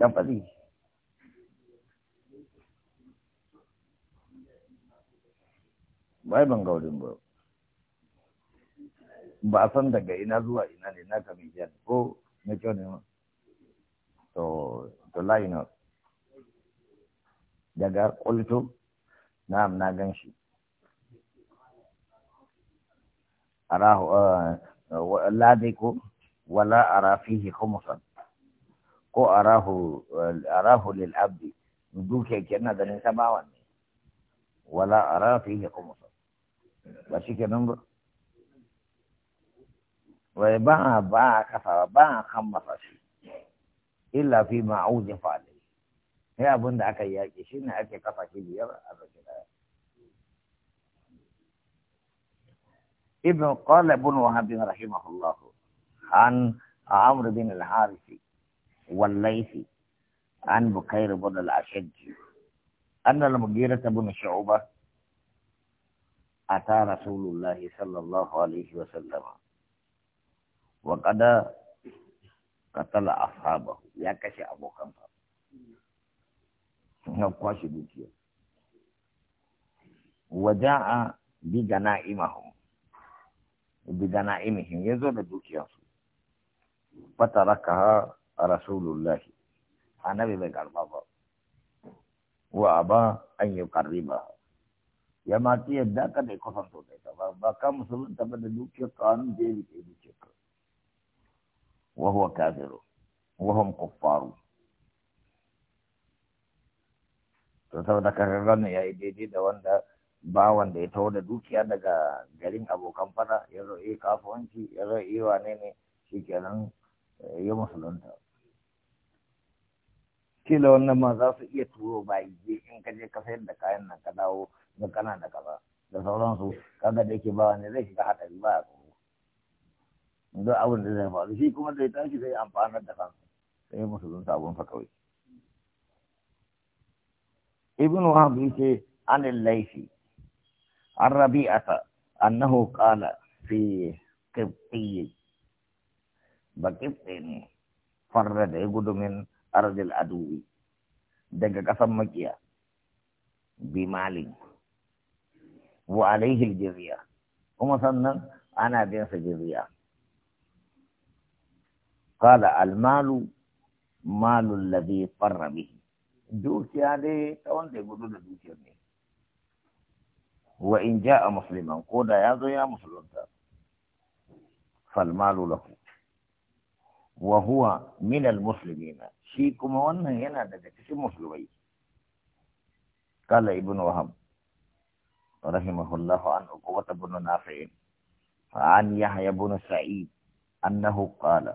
yang faɗi bai ban gaurin ba ba san daga ina zuwa ina ne na kamisiyar ko na kyau ne ma to to line up daga kulto na'am na gan shi arahu eh, eh, ladai ko wala ara fihi khumsan ko arahu arahu lil abdi duke kenan da ne bawan ne wala ara fihi qumus ba shi kenan ba wai ba ba ka fa ba khammasa shi illa fi ma'uzin fa'ali sai abin da aka yaƙi shine ake kafa shi biyar a zaki ibn qala ibn wahab rahimahullah an amr bin al harisi والليث عن بكير بن الأشج أن المغيرة بن شعبة أتى رسول الله صلى الله عليه وسلم وقد قتل أصحابه يا كشي أبو كمفر نقاش بكير وجاء بجنائمهم بجنائمهم يزول بكير فتركها rasulullahi anabi bai karba ba wa ba an yi karriba ya ma ki yadda ka dai kusan to dai ba ba ka musulun ta ba da dukiyar an ne ke dukiyar ka wa huwa kafiru wa hum kuffaru to saboda ka ga yayi daidai da wanda ba wanda ya taho da dukiya daga garin abokan fada ya zo iya kafuwanci ya zo iya wane ne shi kenan ya musulunta kila wannan ma za su iya turo bayi je in ka je ka sayar da kayan nan ka dawo da kana da kaza da sauransu kaga da yake ba wani zai shiga hadari ba a tsoro don abin da zai faru shi kuma zai tashi zai amfana da kansa sai musu zun sabon fa kawai ibn wahab yace an laifi an rabi'ata annahu qala fi qibtiyyi ba qibti ne farra da gudumin ارض العدو دغ قسم مكيا بمالي وعليه الجزيه وما سنن انا بيس جزية قال المال مال الذي قر به دوسي عليه تون دي بدون دوسي عليه وإن جاء مسلما قد يا يا مسلم فالمال له وهو من المسلمين shi kuma wannan yana daga cikin musulmai kala ibn wahab rahimahullahu an uqbat ibn nafi' an yahya ibn sa'id annahu qala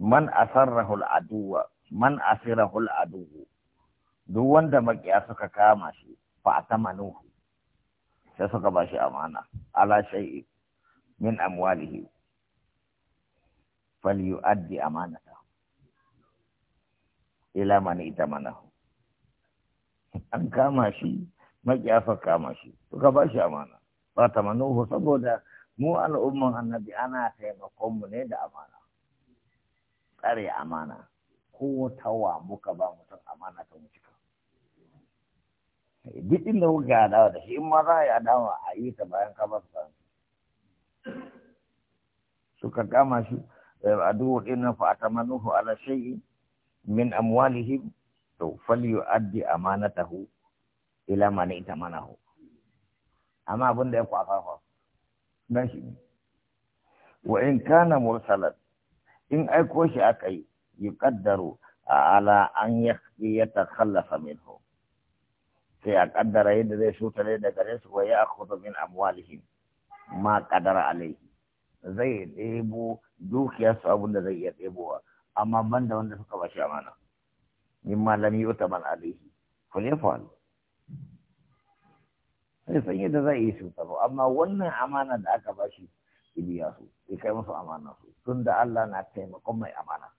man asarrahu al-aduwa man asirahu al-aduwu duk wanda makiya suka kama shi fa atamanuhu sai suka ba shi amana ala shay'in min amwalihi addi amanata. ila mani ita mana an kama shi makiyafa kama shi suka ba shi amana ba ta manuhu saboda mu al'umman annabi ana taimakon mu ne da amana tsare amana ko tawa muka ba mutum amana ta mu cika duk inda kuka adawa da shi in ma za a yi adawa a yi ta bayan ka ba su suka kama shi eh, a duk ɗin na manuhu ala shay'in min amwalihim to falyu'addi amanatahu ila man itamanahu amma abin da ya aka fa nan shi wa in kana mursalat in aiko shi akai yuqaddaru ala an yatakhallafa minhu sai a kaddara yadda zai ne da gare su wa akhudhu min amwalihim ma qadara alayhi zai ɗebo su abin da zai iya ɗebowa amma ban da wanda suka bashi amana min malami yuta man alaihi falyafal sai san yadda zai yi su tsaro amma wannan amana da aka bashi ibiya su ya kai musu amana su tun da Allah na taimakon mai amana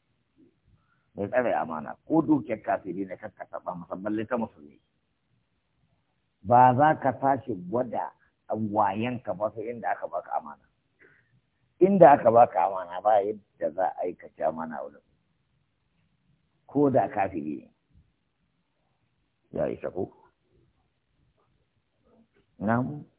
mai tsare amana ko dukiyar kafiri ne kakka taɓa masa balle ta musulmi ba za ka tashi gwada wayanka ba sai inda aka baka amana inda aka baka amana ba yadda za a aikace amana wurin ko da kafiri ne ya isa ko namu